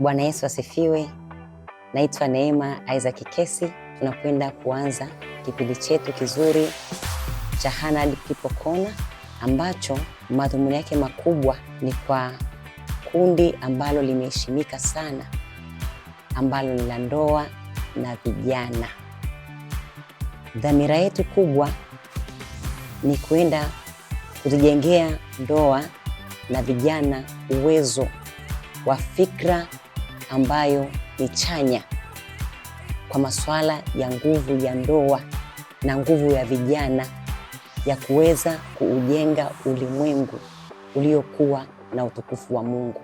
Bwana Yesu asifiwe. Naitwa Neema Isaac Kesi. Tunakwenda kuanza kipindi chetu kizuri cha Hanad People ambacho madhumuni yake makubwa ni kwa kundi ambalo limeheshimika sana ambalo ni la ndoa na vijana. Dhamira yetu kubwa ni kwenda kuzijengea ndoa na vijana uwezo wa fikra ambayo ni chanya kwa masuala ya nguvu ya ndoa na nguvu ya vijana ya kuweza kuujenga ulimwengu uliokuwa na utukufu wa Mungu,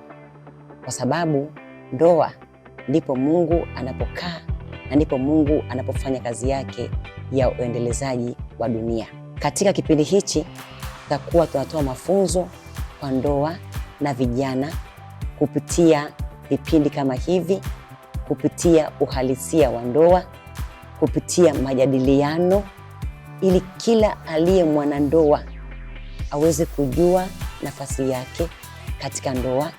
kwa sababu ndoa ndipo Mungu anapokaa na ndipo Mungu anapofanya kazi yake ya uendelezaji wa dunia. Katika kipindi hichi tutakuwa tunatoa mafunzo kwa ndoa na vijana kupitia vipindi kama hivi kupitia uhalisia wa ndoa, kupitia majadiliano, ili kila aliye mwanandoa aweze kujua nafasi yake katika ndoa,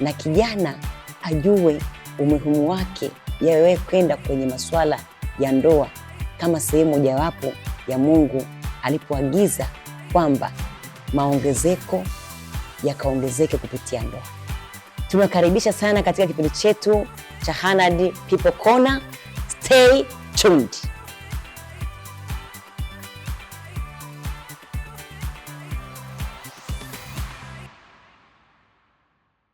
na kijana ajue umuhimu wake yawe kwenda kwenye masuala ya ndoa kama sehemu mojawapo ya Mungu alipoagiza kwamba maongezeko yakaongezeke kupitia ndoa tumewakaribisha sana katika kipindi chetu cha Hanad People Corner. Stay tuned.